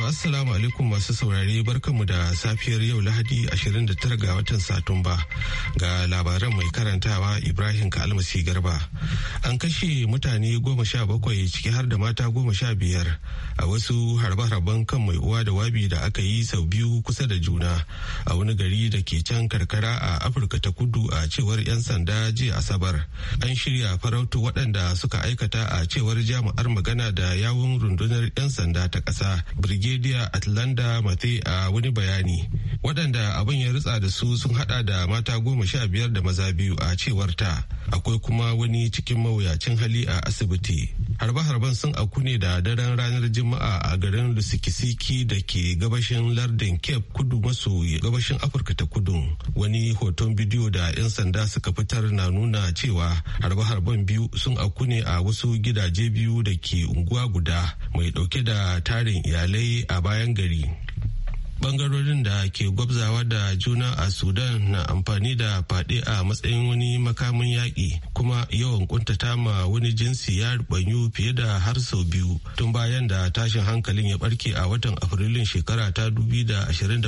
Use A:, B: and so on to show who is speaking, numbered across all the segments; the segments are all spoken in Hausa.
A: To Assalamu alaikum masu saurare barkanmu da safiyar yau Lahadi 29 ga watan Satumba ga labaran mai karantawa Ibrahim Kalmasi Garba. An kashe mutane goma sha bakwai ciki har da mata goma sha biyar a wasu harba harban kan mai uwa da wabi da aka yi sau biyu kusa da juna a wani gari da ke can karkara a Afirka ta kudu a cewar 'yan sanda jiya Asabar. An shirya farautu waɗanda suka aikata a cewar jami'ar magana da yawun rundunar 'yan sanda ta ƙasa Brigade Brigadier Atlanta Mate a wani bayani. Waɗanda abin ya ritsa da su sun hada da mata goma sha biyar da maza biyu a cewar ta. Akwai kuma wani cikin mawuyacin hali a asibiti. Harbe-harben sun akune ne da daren ranar Juma'a a garin Lusikisiki da ke gabashin lardin Cape kudu maso gabashin Afirka ta kudu. Wani hoton bidiyo da 'yan sanda suka fitar na nuna cewa harba harben biyu sun akune ne a wasu gidaje biyu da ke unguwa guda mai dauke da tarin iyalai a bayan gari bangarorin da ke gwabzawa da juna a sudan na amfani da fade a matsayin wani makamin yaƙi kuma yawan kuntata ma wani jinsi ya rubanyu fiye da har sau biyu tun bayan da tashin hankalin ya barke a watan afrilun shekara ta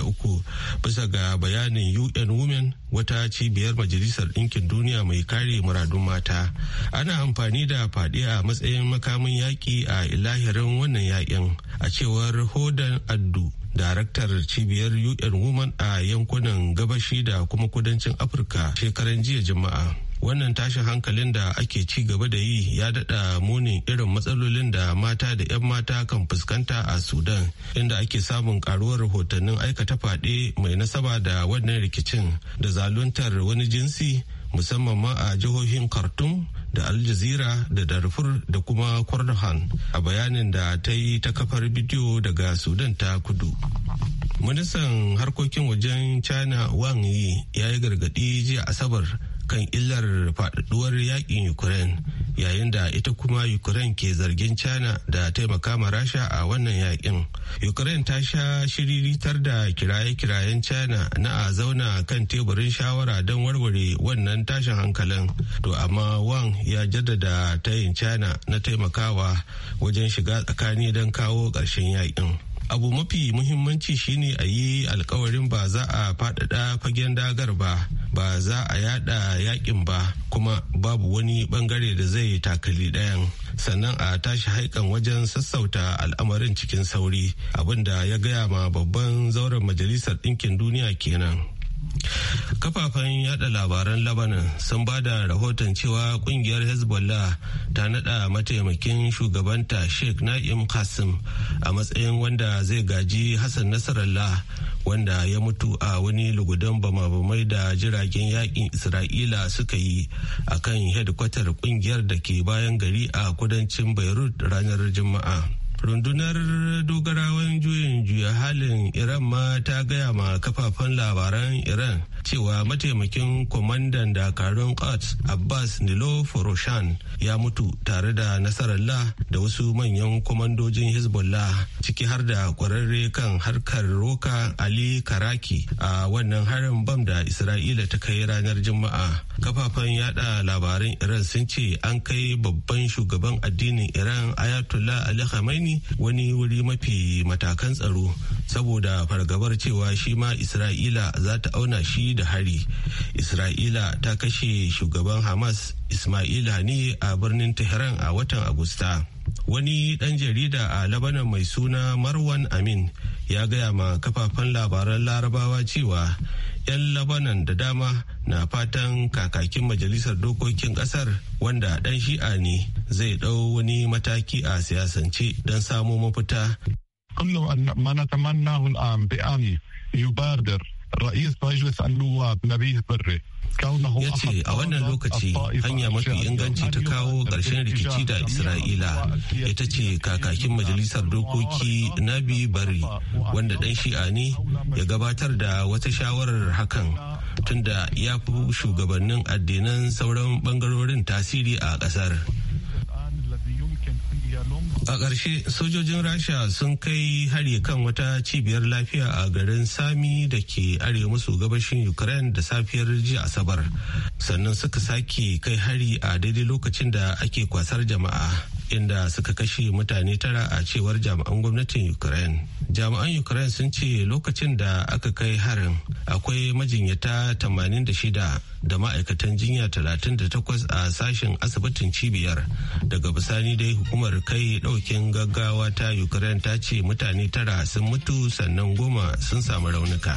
A: uku bisa ga bayanin un women wata cibiyar majalisar ɗinkin duniya mai kare muradun mata ana amfani da fade a matsayin makamin yaƙi a ilahirin wannan yaƙin a cewar hodan addu daraktar cibiyar un women a yankunan gabashi da kuma kudancin afirka shekaran jiya juma'a wannan tashin hankalin da ake ci gaba da yi ya dada munin irin matsalolin da mata da 'yan mata kan fuskanta a sudan inda ake samun karuwar rahotannin aikata fade mai nasaba da wannan rikicin da zaluntar wani jinsi musamman ma a jihohin khartoum da aljazira da darfur da kuma kordohan a bayanin da ta yi ta kafar bidiyo daga sudan ta kudu ministan harkokin wajen china wang yi ya yi gargadi jiya asabar kan illar faɗaɗuwar yakin ukraine yayin da ita kuma ukraine ke zargin china da taimaka ma rasha a wannan yakin ukraine ta sha shiriritar da kiraye-kirayen china na a zauna kan teburin shawara don warware wannan tashin hankalin to amma wang ya jaddada tayin china na taimakawa wajen shiga tsakani don kawo ƙarshen yakin abu mafi muhimmanci shine a yi alkawarin ba za a faɗaɗa fagen dagar ba ba za a yada yakin ba kuma babu wani bangare da zai takali ɗayan sannan a tashi haikan wajen sassauta al'amarin cikin sauri abinda ya gaya ma babban zauren majalisar ɗinkin duniya kenan kafafen yada labaran labanin sun ba da rahoton cewa kungiyar hezbollah ta nada mataimakin shugabanta sheikh na'im qasim a matsayin wanda zai gaji hassan nasarallah wanda ya mutu a wani lugudan bama-bamai da jiragen yakin isra'ila suka yi a kan hedkwatar kungiyar da ke bayan gari a kudancin beirut ranar juma'a rundunar dogarawan juyin juya halin iran ma ta gaya ma kafafen labaran iran cewa mataimakin kwamandan dakarun Quds Abbas Nilo Foroshan ya mutu tare da Nasarallah da wasu manyan kwamandojin Hezbollah ciki har da kwararre kan harkar roka Ali Karaki a wannan harin bam da Isra'ila ta kai ranar Juma'a. Kafafen yada labarin Iran sun ce an kai babban shugaban addinin Iran Ayatollah Ali Khamenei wani wuri mafi matakan tsaro saboda fargabar cewa shi ma Isra'ila za ta auna shi da hari isra'ila ta kashe shugaban hamas ismaila ne a birnin tehran a watan agusta wani ɗan jarida a labanan mai suna marwan amin ya gaya ma kafafen labaran larabawa cewa 'yan labanan da dama na fatan kakakin majalisar dokokin kasar wanda dan shi'a ne zai ɗau wani mataki a siyasance don samo mafita.
B: kullum mana tamannahu al'am bi'ani ra'is majlis annuwa ya a wannan lokaci hanya mafi inganci ta kawo ƙarshen rikici da isra'ila
A: ita ce kakakin majalisar dokoki nabi bari wanda ɗan shi'a ne ya gabatar da wata shawarar hakan tunda ya fi shugabannin addinan sauran ɓangarorin tasiri a ƙasar. A ƙarshe sojojin Rasha sun kai hari kan wata cibiyar lafiya a garin Sami da ke arewa maso gabashin Ukraine da safiyar jiya Asabar. Sannan suka sake kai hari a daidai lokacin da ake kwasar jama'a. inda suka kashe mutane tara a cewar jami'an gwamnatin ukraine jami'an ukraine sun ce lokacin da aka kai harin akwai majinyata 86 da ma'aikatan jinya 38 a sashen asibitin cibiyar daga bisani dai hukumar kai daukin gaggawa ta ukraine ta ce mutane tara sun mutu sannan goma sun samu raunuka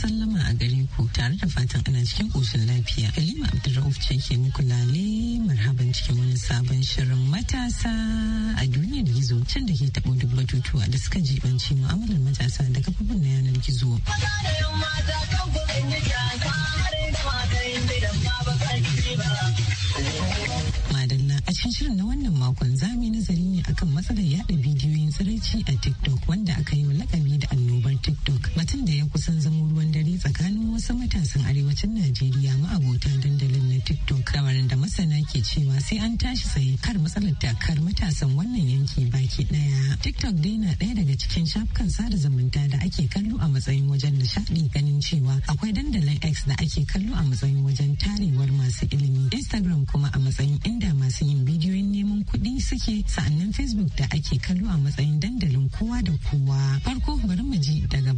C: sallama a gare ku tare da fatan ana cikin ƙoshin lafiya. Halima Abdulrauf ce ke muku lale marhaban cikin wani sabon shirin matasa a duniyar gizo can da ke taɓo duk batutuwa da suka jibanci mu'amalar matasa da kafofin na yanar gizo. cikin shirin na wannan makon za yi nazari ne akan matsalar yada bidiyoyin tsiraici a TikTok wanda aka yi wa lakabi da annobar TikTok. Batun da ya kusan zama ruwan dare tsakanin wasu matasan arewacin Najeriya ma'abota dandalin na TikTok. Kamarin da masana ke cewa sai an tashi tsaye kar matsalar takar matasan wannan yanki baki daya. TikTok dai na daya daga cikin shafukan sada zumunta da ake kallo a matsayin wajen nishaɗi ganin cewa akwai dandalin X da ake kallo a matsayin wajen tarewar masu ilimi. Instagram kuma a matsayin inda masu yin bidiyo bidiyoyin neman kuɗi suke sa'annan facebook da ake kallo a matsayin dandalin kowa da kowa farko bari mu ji daga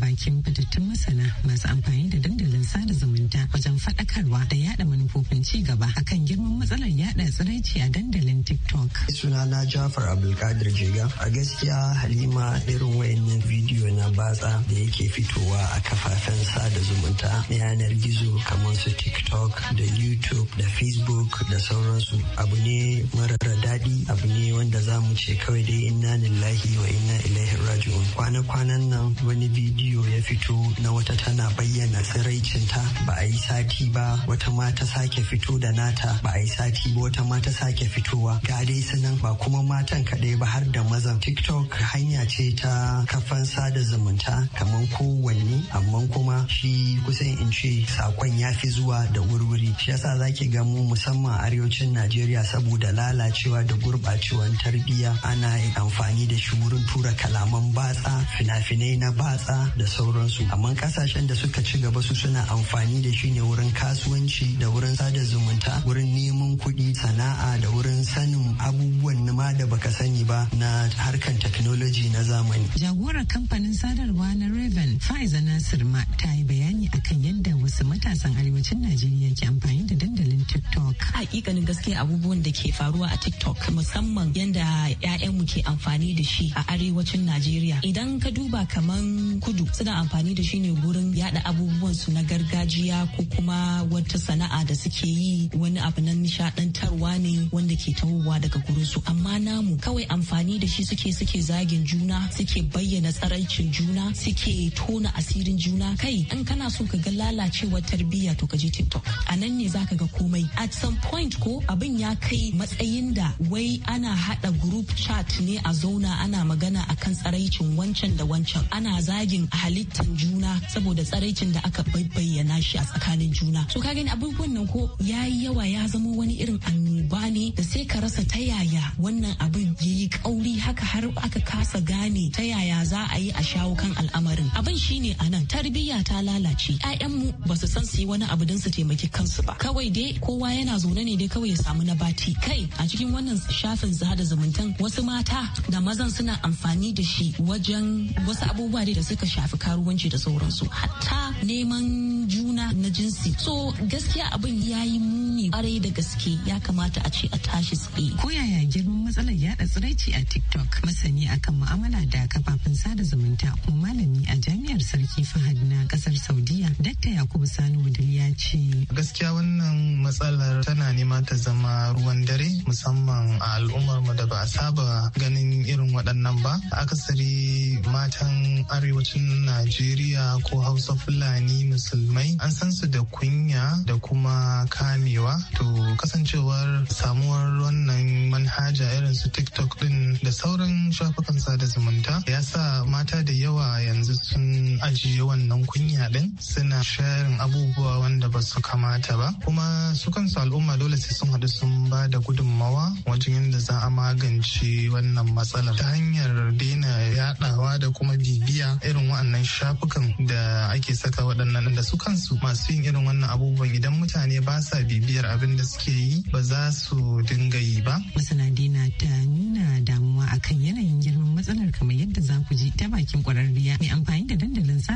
D: na Jafar Abdulkadir Jega a gaskiya Halima irin wayannan bidiyo na batsa da yake fitowa a kafafen sada zumunta na yanar gizo kamar su TikTok da YouTube da Facebook da sauransu abu ne marar daɗi abu ne wanda za mu ce kawai dai inna lillahi wa inna ilaihi raji'un kwana-kwanan nan wani bidiyo ya fito na wata tana bayyana tsiraicinta ba a yi sati ba wata ma ta sake fito da nata ba a yi sati ba wata ma ta sake fitowa ga dai sanan ba kuma matan kaɗai ba har da mazan tiktok hanya ce ta kafan sada zumunta kamar kowanne amma kuma shi kusan in ce sakon ya fi zuwa da wurwuri shi yasa zaki ga mu musamman arewacin najeriya saboda lalacewa da gurɓacewar tarbiyya ana amfani da shi wurin tura kalaman batsa fina-finai na batsa da sauransu amma kasashen da suka ci gaba su suna amfani da shi ne wurin kasuwanci da wurin sada zumunta wurin neman kuɗi sana'a da wurin sanin abubuwan nan ma da baka sani ba na harkan technology na zamani.
C: Jagorar kamfanin sadarwa na Raven Faiza Nasir ma ta yi bayani akan yadda wasu matasan arewacin Najeriya ke amfani da dandalin
E: TikTok. Hakikanin gaske abubuwan da ke faruwa a TikTok musamman yadda 'ya'yanmu ke amfani da shi a arewacin Najeriya. Idan ka duba kaman kudu suna amfani da shi ne gurin yada abubuwan su na gargajiya ko kuma wata sana'a da suke yi wani abu na nishadantarwa ne wanda ke tahowa daga gurin su amma amma namu kawai amfani da shi suke suke zagin juna suke bayyana tsaraicin juna suke tona asirin juna kai in kana so ka ga lalacewar tarbiyya to ka je tiktok a nan ne zaka ga komai at some point ko abin ya kai matsayin da wai ana hada group chat ne a zauna ana magana akan tsaraicin wancan da wancan ana zagin halittan juna saboda tsaraicin da aka bayyana shi a tsakanin juna so ka gani abubuwan nan ko yayi yawa ya zama wani irin annoba ba ne da sai ka rasa ta yaya wannan abin ya yi kauri haka har aka kasa gane ta yaya za a yi a shawo kan al'amarin abin shine a nan tarbiyya ta lalace ya'yanmu ba su san su yi wani abu don su taimaki kansu ba kawai dai kowa yana zaune ne dai kawai ya samu na bati kai a cikin wannan shafin zada zumuntan wasu mata da mazan suna amfani da shi wajen wasu abubuwa da suka shafi karuwanci da sauransu hatta neman juna na jinsi so gaskiya abin ya yi mu kwarai da gaske ya kamata a ce a tashi tsaye. Ko yaya girman matsalar yada
C: tsiraici a TikTok masani akan mu'amala da kafafen sada zumunta kuma malami a jami'ar
B: Sarki Fahad na kasar Saudiya Dr. Yakubu Sani Wadil ya ce. Gaskiya wannan matsalar tana nema ta zama ruwan dare musamman a al'ummar mu da ba a saba ganin irin waɗannan ba. Akasari matan arewacin Najeriya ko Hausa Fulani musulmai an san su da kunya da kuma kamewa to kasancewar samuwar wannan manhaja irin su tiktok din da sauran shafukan sada zumunta ya sa mata da yawa yanzu sun ajiye wannan kunya din suna sharin abubuwa wanda ba su kamata ba kuma su kansu al'umma dole sai sun haɗu sun ba da gudunmawa wajen yadda za a magance wannan matsalar ta hanyar daina yaɗawa da kuma bibiya irin waɗannan shafukan da ake saka waɗannan da su kansu masu yin irin wannan abubuwan idan mutane ba sa bibiyar abin da suke yi ba za su dinga yi ba. Masana dina ta nuna
C: damuwa akan yanayin girman matsalar kamar yadda za ku ji ta bakin kwararriya mai amfani da dandalin sa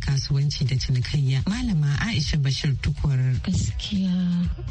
C: kasuwanci da cinikayya malama aisha bashir tukwar.
F: gaskiya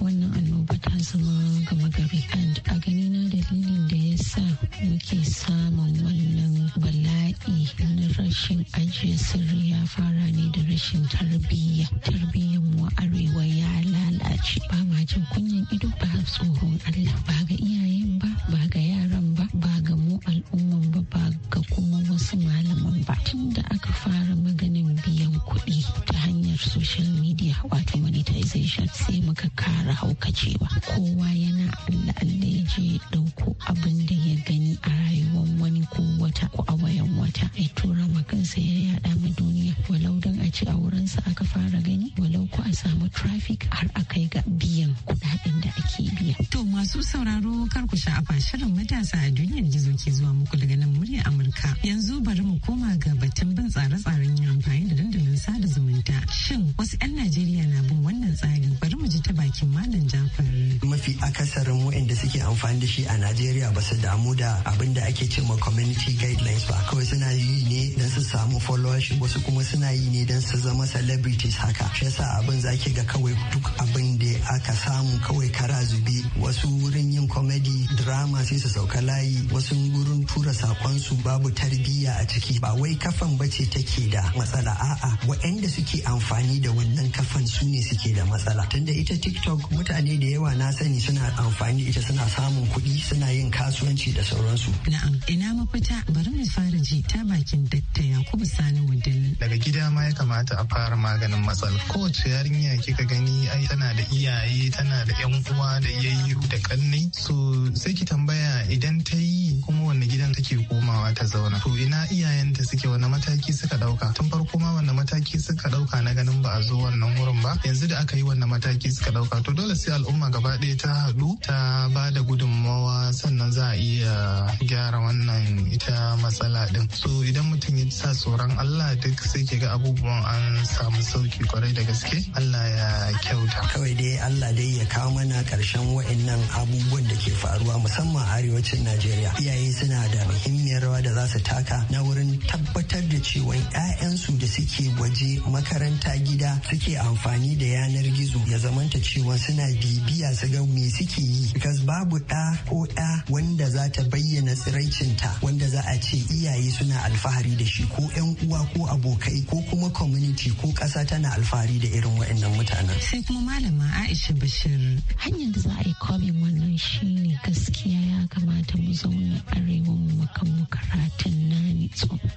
F: wannan annoba ta zama gama gari a gani na dalilin da ya sa muke samun wannan bala'i na rashin ajiye sirri ya fara ne da rashin tarbiyya tarbiyyar mu arewa ya lalace ba ma jin kunyan ido ba tsohon allah ba ga iyayen ba ba ga yaran ba ba ga mu al'umman ba ba ga kuma wasu malaman ba tun da aka fara maganin biyu biyan kuɗi ta hanyar social media wato monetization sai muka kara haukacewa kowa yana allah allah ya je ɗauko abin da ya gani a rayuwar wani ko wata ko a wayan wata ya tura ma kansa ya yada ma duniya walau don a ce a wurinsa aka fara gani walau ko a samu traffic har a kai ga biyan kuɗaɗen da ake biya. To masu sauraro kar ku sha'afa shirin
C: matasa a duniyar gizo ke zuwa muku daga nan murya Amurka. Yanzu bari mu koma ga batun bin tsare-tsaren yin amfani da dandalin sada zumunta shin wasu 'yan najeriya na bin wannan tsari bari mu ji ta bakin malam jafar
D: mafi akasarin waɗanda suke amfani da shi a najeriya ba su damu da abin da ake cewa community guidelines ba kawai suna yi ne don su samu followership wasu kuma suna yi ne don su zama celebrities haka shi yasa abin zaki ga kawai duk abin da aka samu kawai kara zube wasu wurin yin comedy drama sai su sauka layi wasu wurin tura sakon babu tarbiyya a ciki ba wai kafan bace take da matsala a a'a waɗanda suke amfani da wannan kafan su ne suke da matsala tunda ita tiktok mutane da yawa na sani suna amfani ita suna samun kuɗi suna yin kasuwanci
B: da sauransu
C: na'am ina mafita bari mu fara ji ta bakin dakta yakubu sani
B: wadani daga gida ma ya kamata a fara maganin matsala kowace yarinya kika gani ai tana da iyaye tana da yan uwa da yayyu da kannai so sai ki tambaya idan ta yi kuma wanne gidan take komawa ta zauna to ina iyayenta suke wani mataki suka dauka tun farko ma wanne mataki suka dauka na ganin ba a zo wannan wurin ba yanzu da aka yi wanne mataki suka dauka to dole sai al'umma gaba ɗaya ta haɗu ta ba da gudunmawa sannan za a iya gyara wannan ita matsala din so idan mutum ya sa tsoron Allah duk sai ke ga abubuwan an samu sauki kwarai da gaske Allah ya kyauta kawai
D: dai Allah dai ya kawo mana karshen wa'annan abubuwan da ke faruwa ba musamman arewacin najeriya iyaye suna da muhimmiyar rawa da za su taka na wurin tabbatar da cewa 'ya'yansu da suke waje makaranta gida suke amfani da yanar gizo ya zamanta cewa suna bibiya su ga me suke yi because babu ɗa ko ɗa wanda za ta bayyana tsiraicinta wanda za a ce iyaye suna alfahari da shi ko 'yan uwa ko abokai ko kuma community ko ƙasa tana alfahari da irin waɗannan mutanen.
C: sai kuma malama aisha bashir hanyar da za
F: a yi kwamin wannan shine gaskiya ya kamata mu zauna arewa mu makan karatun na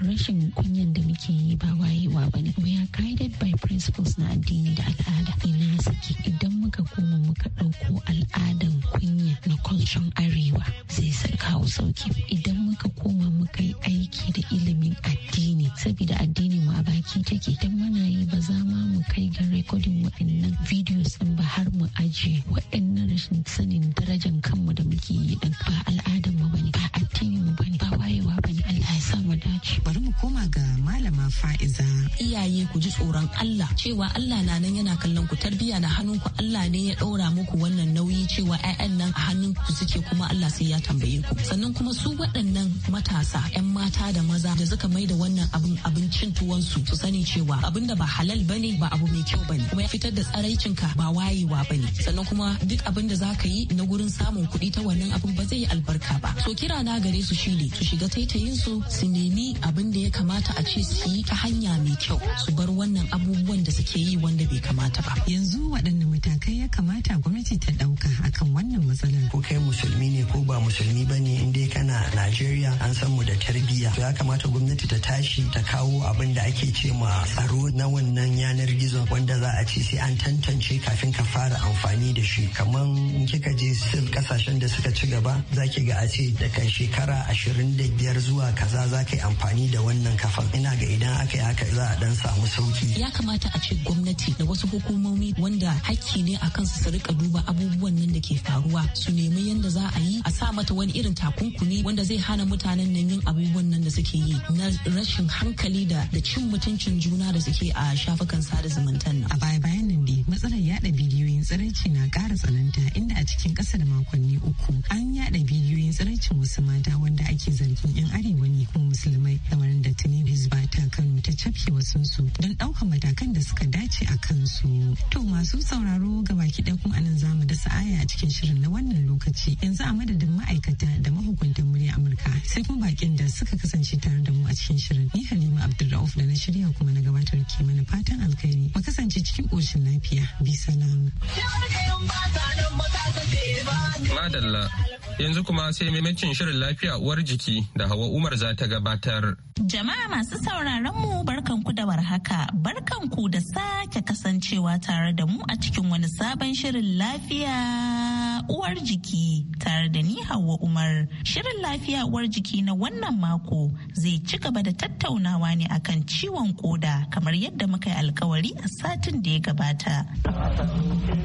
F: rashin kunyan da muke yi ba wayewa ba ne we are guided by principles na addini da al'ada ina suke idan muka koma muka ɗauko al'adan kunya na culture arewa zai kawo sauki idan muka koma muka yi aiki da ilimin addini saboda addini mu a baki take idan muna yi ba za ma mu kai ga rekodin waɗannan videos ɗin ba har mu ajiye waɗannan rashin sanin darajan kanmu da muke ake yi ba al'adar mu bane ba addinin mu bane ba wayewa bane Allah sa mu dace. Bari mu koma ga malama
E: Fa'iza. Iyaye ku ji tsoron Allah cewa Allah na nan yana kallon ku tarbiyya na ku Allah ne ya ɗaura muku wannan nauyi cewa 'ya'yan nan a hannun ku suke kuma Allah sai ya tambaye ku. Sannan kuma su waɗannan matasa 'yan mata da maza da suka mai da wannan abin cin tuwonsu su sani cewa abin da ba halal bane ba abu mai kyau bane kuma ya fitar da tsaraicinka ba wayewa bane sannan kuma duk abin da zaka yi na gurin samun kuɗi ta wannan abin ba zai yi albarka ba. So kira na gare su shine su shiga taitayin su su nemi abin da ya kamata a ce su yi ta hanya mai kyau su bar wannan abubuwan da suke yi wanda bai kamata ba yanzu waɗanne matakai
C: ya kamata gwamnati ta ɗauka akan wannan matsalar ko kai musulmi ne ko ba musulmi ba ne
D: indai kana najeriya an san mu da tarbiyya ya kamata gwamnati ta tashi ta kawo abin da ake ce ma tsaro na wannan yanar gizo wanda za a ce sai an tantance kafin ka fara amfani da shi kamar in kika je sil kasashen da suka ci gaba za ki ga a ce daga shekara ashirin da biyar zuwa kaza za ka yi amfani da wannan kafan ina ga idan aka yi haka za a dan samu sauki
E: ya kamata a ce gwamnati da wasu hukumomi wanda hakki ne a kansu su rika duba abubuwan nan da ke faruwa su nemi yadda za a yi a sa mata wani irin takunkumi wanda zai hana mutanen nan yin abubuwan nan da suke yi na rashin hankali da da cin mutuncin juna da suke a shafukan sada zumuntan a baya bayan nan dai matsalar yada bidiyo
C: yanayin tsiraici na ƙara tsananta inda a cikin kasa da makonni uku an yada bidiyoyin tsiraicin wasu mata wanda ake zargin 'yan arewa ne kuma musulmai kamar da zuba hizba ta kano ta cafke wasunsu don ɗaukar matakan da suka dace a kansu. To masu sauraro ga baki ɗaya kuma anan za mu dasa aya a cikin shirin na wannan lokaci yanzu a madadin ma'aikata da mahukuntan murya Amurka sai kuma bakin da suka kasance tare da mu a cikin shirin ni Halima Abdulrauf da na shirya kuma na gabatar ke mana fatan alkhairi mu kasance cikin ƙoshin lafiya bi salam.
G: Madalla yanzu kuma sai maimacin shirin lafiya uwar jiki da hawa Umar za ta gabatar.
H: Jama'a masu sauraron mu barkanku da warhaka, ku da sake kasancewa tare da mu a cikin wani sabon shirin lafiya uwar jiki tare da ni Hauwa Umar. Shirin lafiya uwar jiki na wannan mako zai ci gaba da tattaunawa ne akan ciwon koda kamar yadda muka yi alkawari a satin da ya gabata.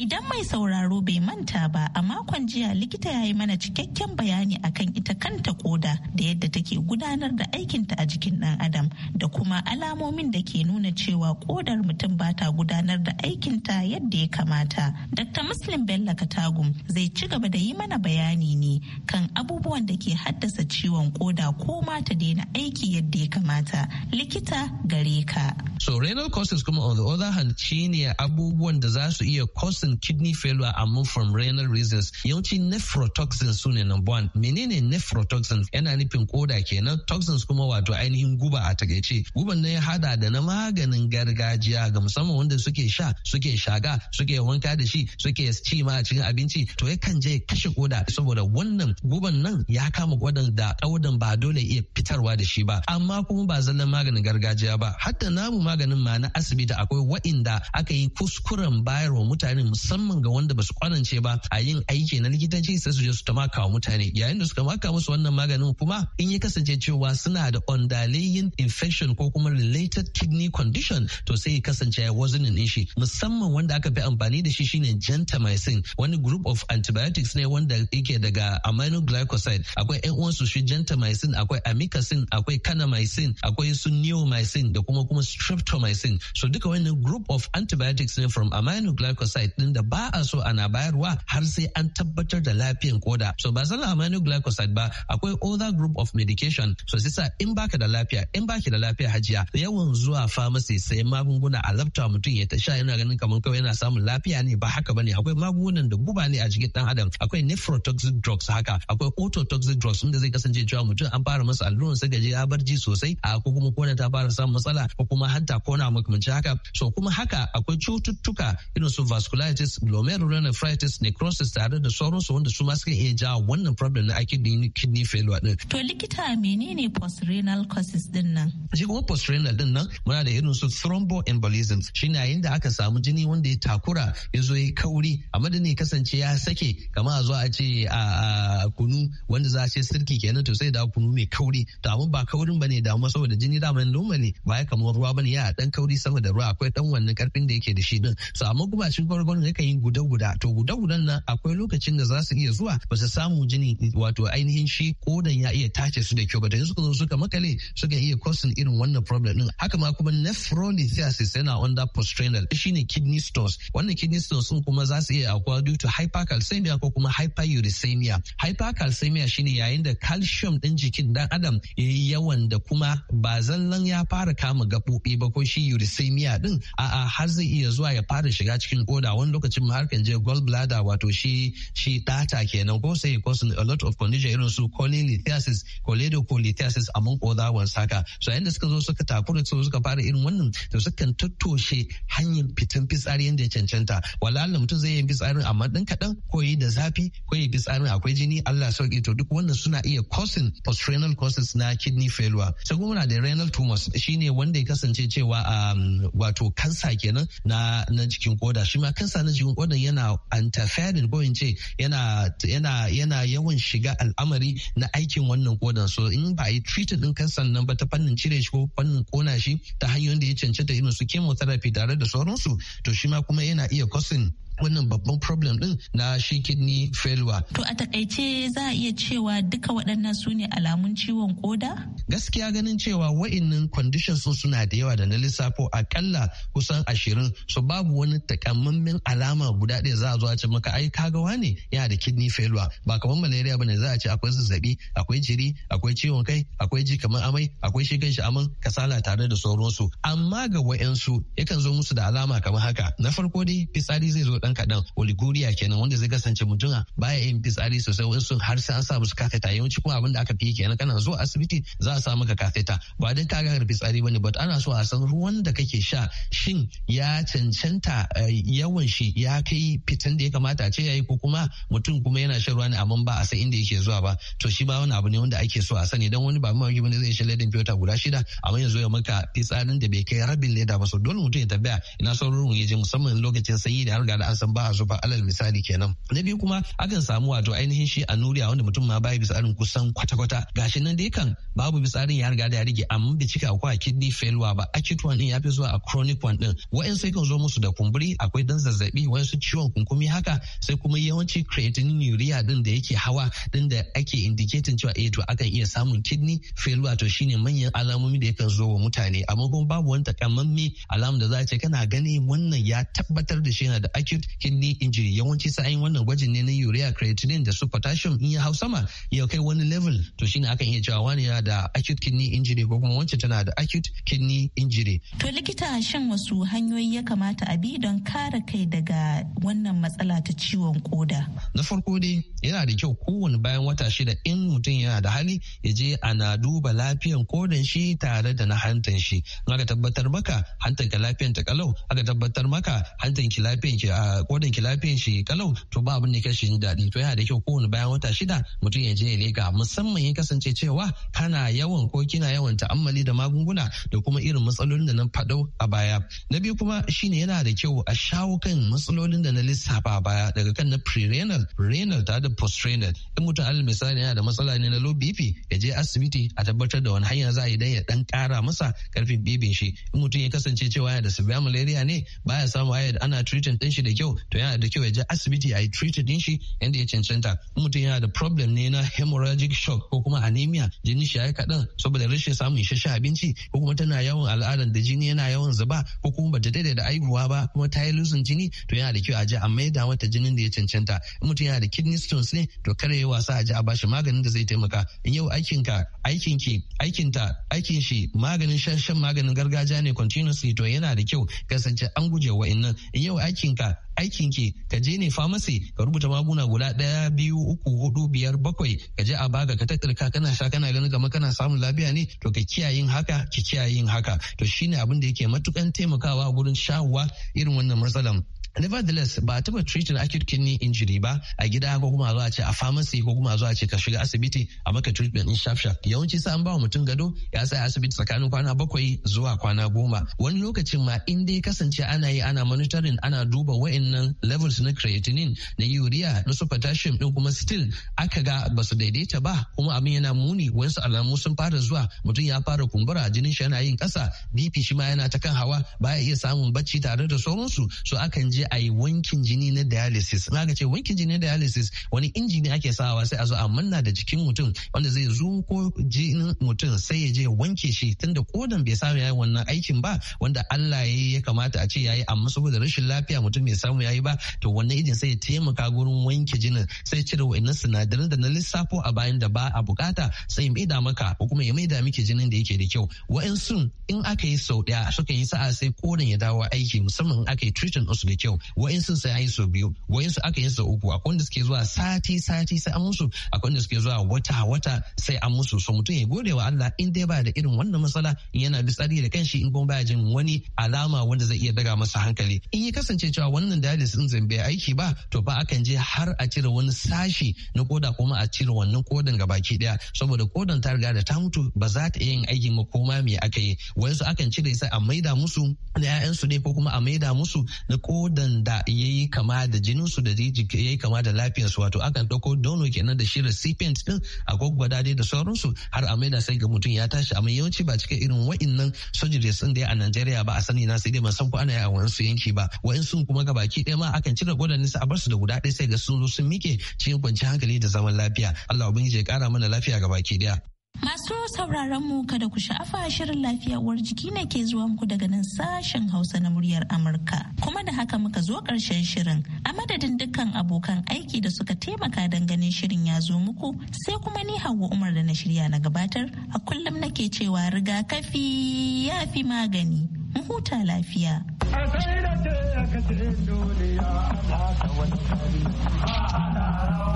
H: Idan mai sauraro bai manta ba a makon jiya likita ya yi mana cikakken bayani akan ita kanta koda da yadda take gudanar da aikinta a jikin dan adam da kuma alamomin da ke nuna cewa kodar mutum ba ta gudanar da aikinta yadda ya kamata. Dr. Muslim Bello Katagum zai ci gaba da yi mana bayani ne kan abubuwan da ke haddasa ciwon koda ko ma ta daina aiki yadda ya kamata. Likita gare ka.
I: So renal causes kuma on the other hand shine abubuwan da za iya causing kidney kidney failure among from renal reasons yawanci nephrotoxins su ne number one menene nephrotoxins yana nufin koda kenan toxins kuma wato ainihin guba a takaice guban ne ya hada da na maganin gargajiya ga musamman wanda suke sha suke shaga suke wanka da shi suke ci ma a cikin abinci to ya kan je kashe koda saboda wannan guban nan ya kama kodan da kaudan ba dole iya fitarwa da shi ba amma kuma ba zallan maganin gargajiya ba hatta namu maganin ma na asibiti akwai wa'inda aka yi kuskuren bayarwa mutane musamman ga wanda ba su kwanance ba a yin aiki na likitanci sai su je su tamaka mutane yayin da suka maka musu wannan maganin kuma in ya kasance cewa suna da ondalayin infection ko kuma related kidney condition to sai ya kasance ya wazinin din shi musamman wanda aka fi amfani da shi shine gentamicin wani group of antibiotics ne wanda yake daga aminoglycoside akwai yan su shi gentamicin akwai amikacin akwai kanamycin akwai su neomycin da kuma kuma streptomycin so duka wannan group of antibiotics ne from aminoglycoside din da ba a so ana bayarwa har sai an tabbatar da lafiyan koda so ba zan amino glycoside ba akwai other group of medication so sa in baka da lafiya in baki da lafiya hajiya yawan zuwa pharmacy sai magunguna a lafta mutum ya ta sha yana ganin kamar kawai yana samun lafiya ne ba haka bane akwai magungunan da guba ne a jikin dan adam akwai nephrotoxic drugs haka akwai ototoxic drugs inda zai kasance cewa mutum an fara masa alluran sai gaji ya bar ji sosai a ko kuma kona ta fara samun matsala ko kuma hanta kona makamanci haka so kuma haka akwai cututtuka irin su vasculitis glomerulonephritis necrosis tare da sauransu wanda su ma suka iya ja wannan problem na kidney kidney failure din.
H: To likita menene postrenal causes din nan?
I: Shi kuma postrenal din nan muna da irin su thromboembolisms shine yayin da aka samu jini wanda ya takura ya zo ya kauri a madadin kasance ya sake kamar a zo a ce a kunu wanda za a ce sirki kenan to sai da kunu mai kauri to amma ba kaurin bane da saboda jini daman noma ne ba ya kamar ruwa bane ya dan kauri sama da ruwa akwai dan wannan karfin da yake da shi din so amma kuma cikin gwargwaron yakan yi guda-guda to guda-gudan nan akwai lokacin da za su iya zuwa ba su samu jini wato ainihin shi kodan ya iya tace su da kyau ba da su zo suka makale suka iya causing irin wannan problem din haka ma kuma nephrolithiasis yana under postrenal shine kidney stones wannan kidney stones sun kuma za su iya akwa due to hypercalcemia ko kuma hyperuricemia hypercalcemia shine yayin da calcium din jikin dan adam yayi yawan da kuma ba zallan ya fara kama gabobi ba ko shi uricemia din a'a har zai iya zuwa ya fara shiga cikin koda wani lokacin kuma harkan je gallbladder wato shi shi tata kenan ko sai cause a lot of condition irin su cholelithiasis cholelithiasis among other ones haka so yanda suka zo suka takura su suka fara irin wannan to suka tattoshe hanyar fitan fitsari yanda ya cancanta wala mutum zai yi fitsarin amma dan kadan ko yi da zafi ko yi fitsarin akwai jini Allah sauki to duk wannan suna iya causing postrenal causes na kidney failure sai kuma na da renal tumors shine wanda ya kasance cewa um, wato kansa kenan na na jikin koda shi ma kansa na jikin wannan yana interfering ko in ce yana yawan shiga al'amari na aikin wannan kodan so in ba a yi treated din kan nan ba ta fannin cire shi ko fannin kona shi ta hanyoyin da ya cancanta irin su chemotherapy tare da sauransu to shi ma kuma yana iya causing wannan babban problem din na shi kidney failure.
H: To a takaice za a iya cewa duka waɗannan su ne alamun ciwon koda?
I: Gaskiya ganin cewa wa'innan conditions sun suna da yawa da na lissafo akalla kusan ashirin so babu wani takamammen alama guda ɗaya za a zo a ce maka ai kaga wane yana da kidney failure ba kamar malaria bane za a ce akwai zazzabi akwai jiri akwai ciwon kai akwai ji kamar amai akwai shi kanshi aman kasala tare da sauransu amma ga wa'ansu yakan zo musu da alama kamar haka na farko dai fitsari zai zo kaɗan kaɗan oliguria kenan wanda zai kasance mutum baya yin fitsari sosai wasu har sai an sa musu kafeta yawanci kuma abin da aka fi kenan kana zuwa asibiti za a sa maka kafeta ba dan ka ga fitsari bane but ana so a san ruwan da kake sha shin ya cancanta eh, yawan shi ya kai fitan da ya kamata a ce yi ko kuma mutum kuma yana shan ruwa ne amma ba a san inda yake zuwa ba to shi ba wani abu ne wanda ake so a sani dan wani ba mamaki bane zai shan ledin fiyota guda shida amma yanzu ya maka fitsarin da bai kai rabin leda ba so dole mutum ya tabbaya ina son ruwan ya je musamman lokacin sanyi da har ga san ba a zuba alal misali kenan na biyu kuma akan samu wato ainihin shi a nuriya wanda mutum ma bai bisarin kusan kwata-kwata gashi nan dai kan babu bisarin ya riga da ya rige amma bai cika akwai kidney failure ba acute one din ya fi zuwa a chronic one din wa'in sai kan zo musu da kumburi akwai dan zazzabi wasu ciwon kunkumi haka sai kuma yawanci creatinine urea din da yake hawa din da ake indicating cewa eh to akan iya samun kidney failure to shine manyan alamomi da yakan zo wa mutane amma kuma babu wani takamamme alamu da za a ce kana gani wannan ya tabbatar da shi yana da acute kinni injury yawanci sa'ayin wannan gwajin ne na urea creatinine da su potassium in ya hau sama ya kai wani level to shine akan iya cewa wani yana da acute kidney injury ko kuma wancan tana da acute kidney injury
H: to likita shan wasu hanyoyi ya kamata a bi don kare kai daga wannan matsala ta ciwon koda
I: na farko dai yana da kyau kowane bayan wata shida in mutum yana da hali ya je ana duba lafiyan kodan shi tare da na hantan shi aka tabbatar maka hantar ka lafiyan ta kalau aka tabbatar maka hantan lafiyan ki a kodan ki lafiyan shi kalau to ba abin da kashi shi daɗi to yana da kyau kowane bayan wata shida mutum ya je ya leka musamman ya kasance cewa kana yawan ko kina yawan ta'ammali da magunguna da kuma irin matsalolin da na faɗo a baya na biyu kuma shine yana da kyau a shawo kan matsalolin da na lissafa a baya daga kan na pre renal renal tare da renal in mutum alal misali yana da matsala ne na low bp ya je asibiti a tabbatar da wani hanya za a yi dan ya dan kara masa karfin bibin shi in mutum ya kasance cewa yana da severe malaria ne baya samu ana treating din shi da kyau to yana da kyau ya je asibiti a yi treated din shi yanda ya cancanta mutum yana da problem ne na hemorrhagic shock ko kuma anemia jini shi ya kaɗan saboda rashin samun isasshen abinci ko kuma tana yawan al'adar da jini yana yawan zuba ko kuma bata daidai da aihuwa ba kuma ta yi lusin jini to yana da kyau a je a maida mata jinin da ya cancanta in mutum yana da kidney stones ne to kare ya wasa a je a bashi maganin da zai taimaka in yau aikinka aikin ki aikin ta aikin shi maganin shan maganin gargajiya ne continuously to yana da kyau kasance an guje wa'annan in yau aikinka aikin ki ka je ne famasi ka rubuta maguna guda ɗaya biyu uku hudu biyar bakwai ka je a baga ka tattarka kana sha kana ganin gama kana samun lafiya ne to ka kiyayin haka ki kiyayin haka to shine abin da yake matukan taimakawa gurin shawuwa irin wannan matsalan nevertheless ba a taba treating acute kidney injury ba a gida ko kuma zuwa ce a pharmacy ko kuma zuwa ce ka shiga asibiti a maka treatment in sharp sharp yawanci sai an ba mutum gado ya sa asibiti tsakanin kwana bakwai zuwa kwana goma wani lokacin ma in dai kasance ana yi ana monitoring ana duba wa'in waɗannan levels na creatinine na urea na su potassium din kuma still aka ga ba su daidaita ba kuma abin yana muni wasu alamu sun fara zuwa mutum ya fara kumbura jinin shi yana yin ƙasa bp shi ma yana ta kan hawa baya iya samun bacci tare da sauransu so akan je a yi wankin jini na dialysis in aka ce wankin jini na dialysis wani inji ne ake sawa sai a zo a manna da jikin mutum wanda zai ko jinin mutum sai ya je wanke shi tunda kodan bai samu yayi wannan aikin ba wanda Allah ya kamata a ce ya yi amma saboda rashin lafiya mutum bai samu namu yayi ba to wannan ijin sai ya taimaka gurin wanke jinin sai cire wa'annan sinadaran da na lissafo a bayan da ba a bukata sai ya maida maka ko kuma ya maida miki jinin da yake da kyau wa'ansu in aka yi sau daya suka yi sa'a sai koren ya dawo aiki musamman in aka yi treatment su da kyau wa'ansu sai an yi sau biyu wa'ansu aka yi sau uku akwai wanda suke zuwa sati sati sai an musu akwai wanda suke zuwa wata wata sai an musu so mutum ya gode wa Allah in dai ba da irin wannan matsala yana tsari da kanshi in kuma ba jin wani alama wanda zai iya daga masa hankali in ya kasance cewa wannan wannan dialysis din zan bai aiki ba to fa akan je har a cire wani sashi na koda kuma a cire wannan kodan gabaki daya saboda kodan ta riga da ta mutu ba za ta iya yin aiki ma koma me aka yi wayansu akan cire sai a maida musu na su ne ko kuma a maida musu na kodan da yayi kama da jinin su da yayi kama da lafiyar su wato akan dauko dono kenan da shi recipient din a gwaggwada dai da sauransu har a maida sai ga mutum ya tashi amma yawanci ba cikin irin wa'innan surgeries din da ya a Najeriya ba a sani na sai dai ban san ko ana yi a wani yanki ba wa'insu kuma gabaki baki ɗaya ma akan cire su a bar su da guda ɗaya sai ga sun sun mike cikin kwanciyar hankali da zaman lafiya Allah ubangiji ya ƙara mana lafiya ga baki ɗaya.
H: Masu sauraron mu kada ku sha'afa shirin lafiya uwar jiki ne ke zuwa muku daga nan sashen Hausa na muryar Amurka. Kuma da haka muka zo karshen shirin. A madadin dukkan abokan aiki da suka taimaka don ganin shirin ya zo muku sai kuma ni Hauwa Umar da na shirya na gabatar a kullum nake cewa rigakafi ya fi magani. Mu huta lafiya.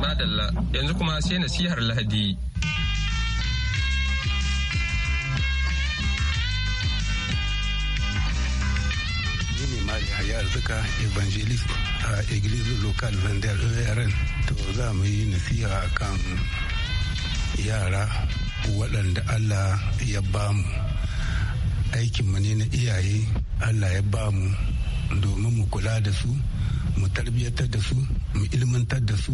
G: Madalla yanzu kuma sai nasihar Lahadi.
J: ya a arzika evangelist a iglesia local vendor to za mu yi nasiha kan yara waɗanda allah ya bamu aikinmu ne na iyaye allah ya ba mu domin mu kula da su mu tarbiyyatar da su mu ilmantar da su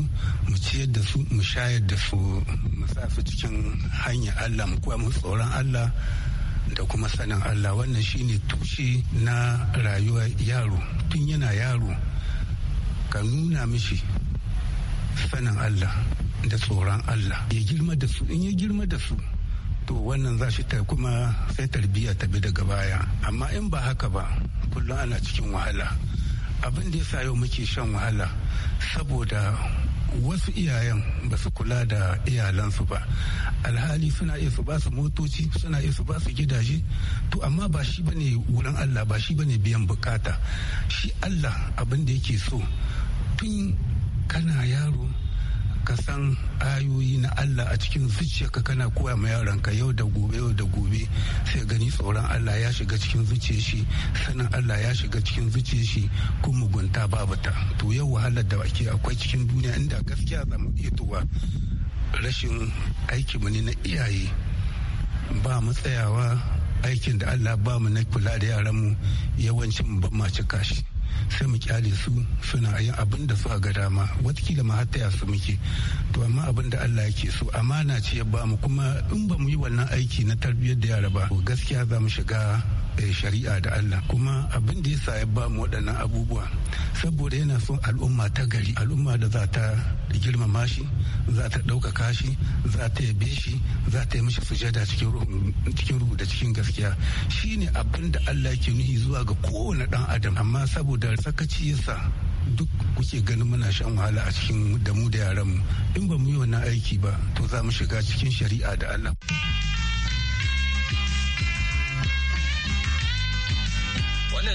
J: mu ciyar da su mu shayar da su mu sa su cikin hanyar allah mu koya mu tsoron allah da kuma sanin allah wannan shine tushe na rayuwar yaro tun yana yaro ka nuna mishi sanin allah da tsoron allah ya girma da su in ya girma da su to wannan za shi ta kuma sai tarbiyya ta bi daga baya amma in ba haka ba kullum ana cikin wahala abin da ya sa yau muke shan wahala saboda wasu iyayen ba su kula da iyalansu ba alhali suna iya su ba su motoci suna iya su ba su gidaje to amma ba shi bane wurin Allah ba shi bane biyan bukata shi Allah abin da yake so tun kana yaro ka san ayoyi na Allah a cikin zuciyarka kana koya ma yaranka yau da gobe yau da gobe sai gani tsoron Allah ya shiga cikin zuciyar shi sanin Allah ya shiga cikin zuciyar shi kun mugunta babu ta to yau wahalar da ake akwai cikin duniya inda gaskiya zamu iya tuwa rashin aiki ne na iyaye ba mu tsayawa aikin da Allah ba mu na kula da yaranmu yawancin ban ma cika shi sai mu kyale su suna yin abin da suka ga dama watakila ma hatta su muke to amma abin da Allah yake so amana ce ya bamu kuma in ba mu yi wannan aiki na tarbiyyar da yara ba gaskiya za mu shiga Eh, shari'a da Allah kuma abin da yasa ya ba mu waɗannan abubuwa saboda yana son al'umma ta gari al'umma da za ta girmama shi za ta ɗaukaka shi za ta yabe shi za ta yi mishi sujada cikin ruhu da cikin gaskiya shine abin da Allah ke nuhi zuwa ga kowane ɗan adam amma saboda sakaci yasa duk kuke ganin muna shan wahala a cikin damu da yaranmu in ba mu yi wannan aiki ba to za mu shiga cikin shari'a da Allah.